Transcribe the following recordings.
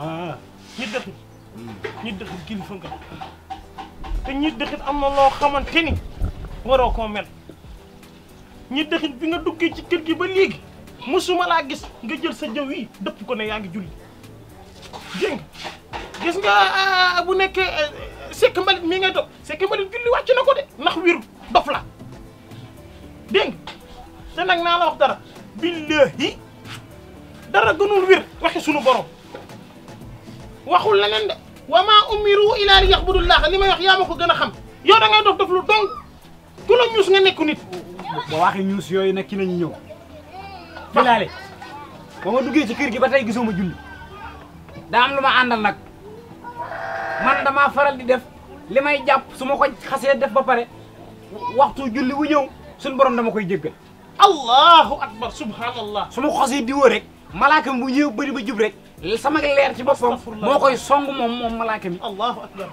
Ah. ñi dëxit hmm. ñi dëxit kilifa nga te ñi am na loo xamante ni waroo koo mel ñi bi nga duggee ci kër gi ba léegi mosuma laa gis nga jël sa jëw dëpp ko ne yaa ngi julli dégg nga gis nga ah, bu nekkee eh, sekk mbalit mii ngay toog sekk mbalit julli wàcc na ko de ndax wiru dof la dégg nga te nag naa la wax dara billaahi dara gënul wir waxi sunu borom waxul leneen de wa maa umiru ila li yaxbudullaah li may wax yaa ma ko gën a xam yow da ngay dof dof lu dong ku la ñuus nga nekku nit. ba waxi ñuus yooyu nag ci nañu ñëw. bilaale ba ma duggee ci kër gi ba tey gisoo ma julli daa lu ma àndal nag man damaa faral di def li may jàpp su ma ko xasee def ba pare waxtu julli wu ñëw suñu borom dama koy jéggal. allahu akbar subhanallah su ma ko xasee diwoo rek malaaka bu ñëw bëri ba jub rek. sama leer ci boppam moo koy song moom moom malaaka mi allahu akbar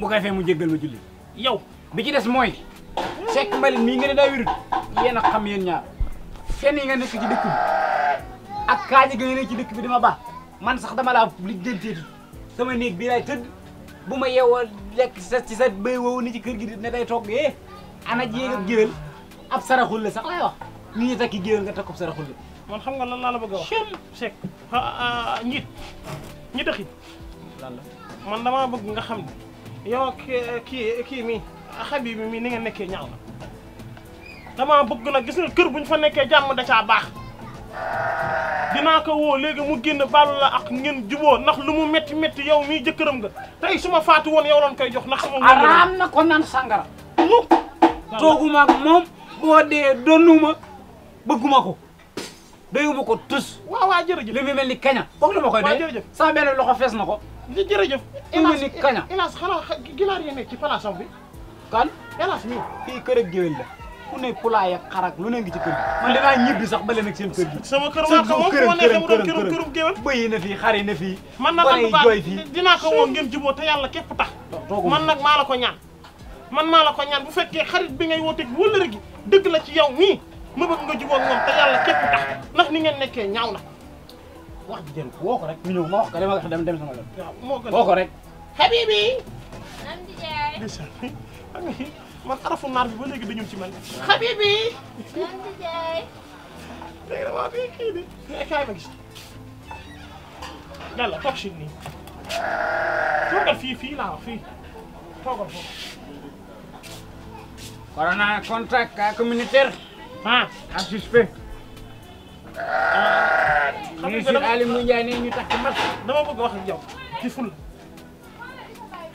bu mu jéggal ma julli yow bi ci des mooy Cheikh Mbalit mi nga ne daa wérut yéen a xam yéen ñaar fen yi nga nekk ci dëkk bi ak kaaji ga nekk ci dëkk bi dama baax man sax dama laa lijjanteeti sama néeg bii laay tëdd bu ma yeewoo lekk set ci sa béy woowu ni ci kër gi di ne day togg eh ana jéeg ak géwél ab saraxul sax laay wax nit ñi takki géwél nga takkub saraxul la man xam nga lan la bëgg a wax. chien sec njiit ñi man damaa bëgg nga xam ne yow ak eh, kii eh, kii mi Habib mi ni nga nekkee ñaaw na damaa bëgg nag gis nga kër bu ñu fa nekkee jàmm da caa baax dinaa ko woo léegi mu génn baalu ak ngeen juboo ndax lu mu metti metti yow mii jëkkëram nga tey su ma faatu woon yow lan koy jox ndax. sama araam na ko naan sangara. mu tooguma ak moom boo dee donnuma bëgguma ko. doyuma ko tus. waa waa jërëjëf li mu mel ni ko foog lu ma koy dee sama benn loxo fees na ko. li jërëjëf. li mel ni kaña hélas xanaa ginaar yi nekk ci palaasam bi. kan hélas mi fii kër ak géwél la. ku ne pulaay ak xarak lu ne ngi ci kër gi. man dinaa ñibbi sax ba leen ak seen kër gi. sama kër moom moom fu ma neexee mu doon kërum kërum géwél. bëy na fii xar na fii. man nag am baax dinaa ko woo ngeen juboo te yàlla képp tax. man nag maa la ko ñaan man maa la ko ñaan bu fekkee xarit bi ngay wooteeg wëllëre gi dëgg la ci yow mii ma bëgg nga jubóog moom te yàlla képp tax ndax ni ngeen nekkee ñaaw na. wax ji dem woo ko rek ñu ñëw ma wax ko dama wax dem dem sama yoon. waaw moo gën woo ko rek. Habibi. am di jaay. ndeysaan man arafu naar bi ba léegi dañu ci man. Habibi. am di jaay. dégg nga waaw bii kii bi. mais eh, kaay ma gis. yàlla toog si nii. toogal fii fii laa wax fii toogal foofu. corona contact communautaire. ah en suspect. xam nga dama Aliou Ndiaye ne ñu takk mas dama bëgg wax ak yow ci ful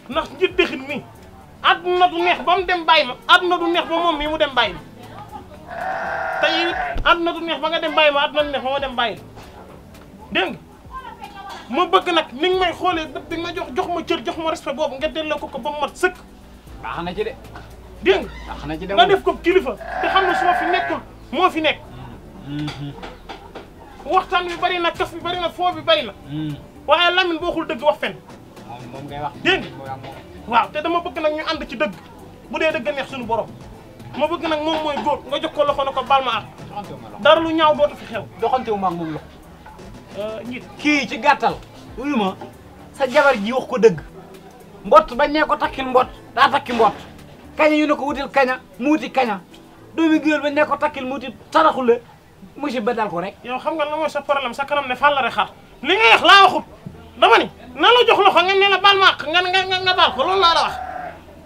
ndax njëg dëxin mi àdduna du neex ba mu dem bàyyi ma àdduna du neex ba moom mii mu dem bàyyi ma te it àdduna du neex ba nga dem bàyyi ma àdduna du neex ba ma dem bàyyi ma dégg nga ma bëgg nag ni nga may xoolee bët bi nga jox jox ma cër jox ma respect boobu nga delloo ko ko ba mu mat sëkk baax na ci de dégg nga na def ko kilifa te xam ne su ma fi nekkul moo fi nekk mm-hmm. waxtaan bi bari na kas bi bari na foo bi bari na mm. waaye Lamine boo xul dëgg wax fen moom waaw te dama bëgg nag ñu ànd ci dëgg bu dee dëgg neex suñu borom ma bëgg nag moom mooy góor nga jox loxo na ko baal ma ak dara lu ñaaw dootu fi xew doxantewu ma ak moom loxo euh, kii ci gàttal uyu ma sa jabar ji wax ko dëgg mbott bañ ñee ko takki mbot daa takki mbott kaña yu ne ko wutil kaña mu wuti kaña doomi géwél ba ne ko takkil mu wuti saraxule musiba dal ko rek. yow xam nga la mooy sa problème sa kanam ne fàllare xar li nga wax laa waxut dama ni na la jox loxo nga ne la baal nga nga nga baal ko loolu laa la wax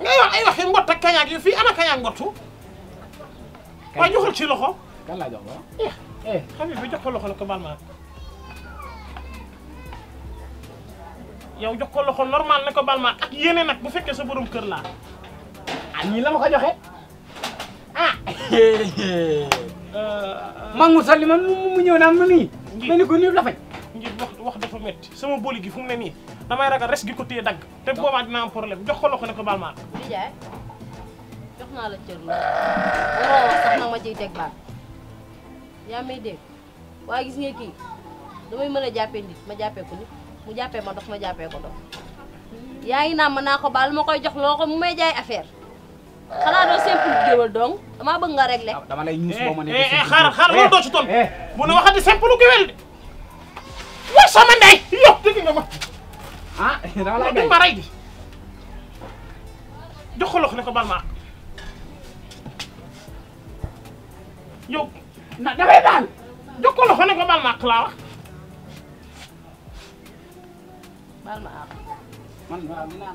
ngay wax ay waxi joxul ci loxo. kan laa jox eh, eh. jox ko la ko baal jox ko loxo normal ne ko baal ma nag bu fekkee sa borom kër laa. ah nii la ma ko joxe ah. maa ngi ma man mu ñëw naan ma nii. ngir mel ni ko nii la faj. ngir wax wax dafa métti sama boli gi fu mu ne nii damay ragal res gi ko téye dagg. te boobaa dina am problème jox ko loxo ne ko baal naa la cër ma ciy teg baal yaa may dégg waaye gis nga kii damay mën a jàppee nit ma jàppee ko nit mu jàppee ma dox ma jàppee ko dox yaa ngi naan mën naa ko baal ma koy jox loo ko mu may jaay affaire. xanaa doo simple géwél dong damaa bëgg nga régler. Ah, dama lay ñuus boo ma nee. Eh, eh, xaaral xaaral doo ci toll. Eh, mu ne waxati simple géwél de. waa sama ndey. yow dégg nga ma. ah dama lay bay ma rey di. jox ne ko bal ma yow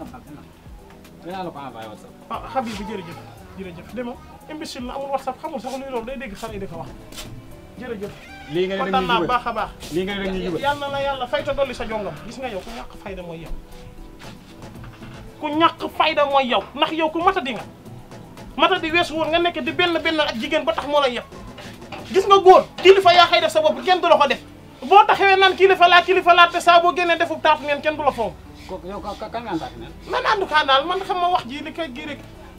wax. dinaa la ko envoyé whatsapp. ah Habib jërëjëf jërëjëf demoo imbécile la amul whatsapp xamul sax luy loolu day dégg xale yi di jërëjëf. lii nga ne kontaan naa baax a baax. lii nga ne dañuy jubal yàlla na yàlla fay ta dolli sa jongam gis nga yow ku ñàkk fayda mooy yow. ku ñàkk mooy yow ndax yow ku mata di nga mata di weesu woon nga nekk di benn benn ak jigéen ba tax moo lay yëpp gis nga góor kilifa yaa xëy def sa bopp kenn du la ko def boo taxawee naan kilifa laa kilifa laa te saa boo génnee defu taatu neen kenn du la foog. kooku yow ka kan naan taatu neen. man xam ma wax ji li koy gii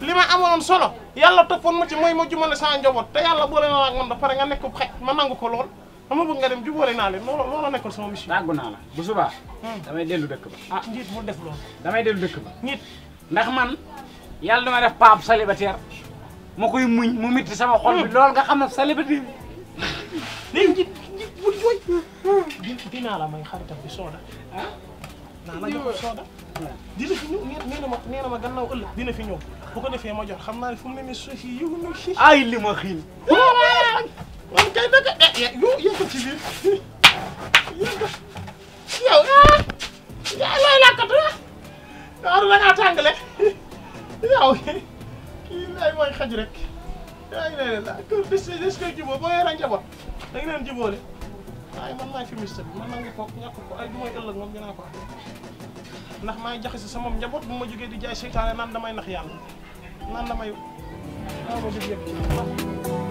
li ma amoon solo yàlla toppoon ma ci mooy ma jumale sama njaboot te yàlla boole na la ak man da pare nga nekk xaj ma nangu ko lool dama bëgg nga dem jubóole naa leen loolu loolu nekkoon sama mission. dàggu naa la bu subaa. Hmm. damay dellu dëkk ba. ah mu def loolu. damay dellu dëkk ba. njiit ndax man yàlla dama def paab célibataire ma koy muñ mu mitti dinaa la may xaritam bi sooda ah. naa la jox sooda. dina fi ñëw nee na ma nee na ma gannaaw ëllëg dina fi ñëw bu ko defee ma jox xam naa ne fu mu ne nii suuf yi yëngu na si. ay li ma xiin. waaw kay naka yow yëngu ci biir yëngu yow ah yow looy lakkatu ah waaw da ngaa tàngale yow kii ay mooy xaj rek yaa ngi lay la kër des des koy jubóo boo yoree njaboot da nga leen jubóole. waaye man maay fumiste bi man nangu ko ñàkk ko ay du may ëllëg moom dinaa ko am ndax maay jaxase sama njaboot bu ma jógee di jaay seytaane naan damay nax yàlla naan damay aw ma dëgg yëpp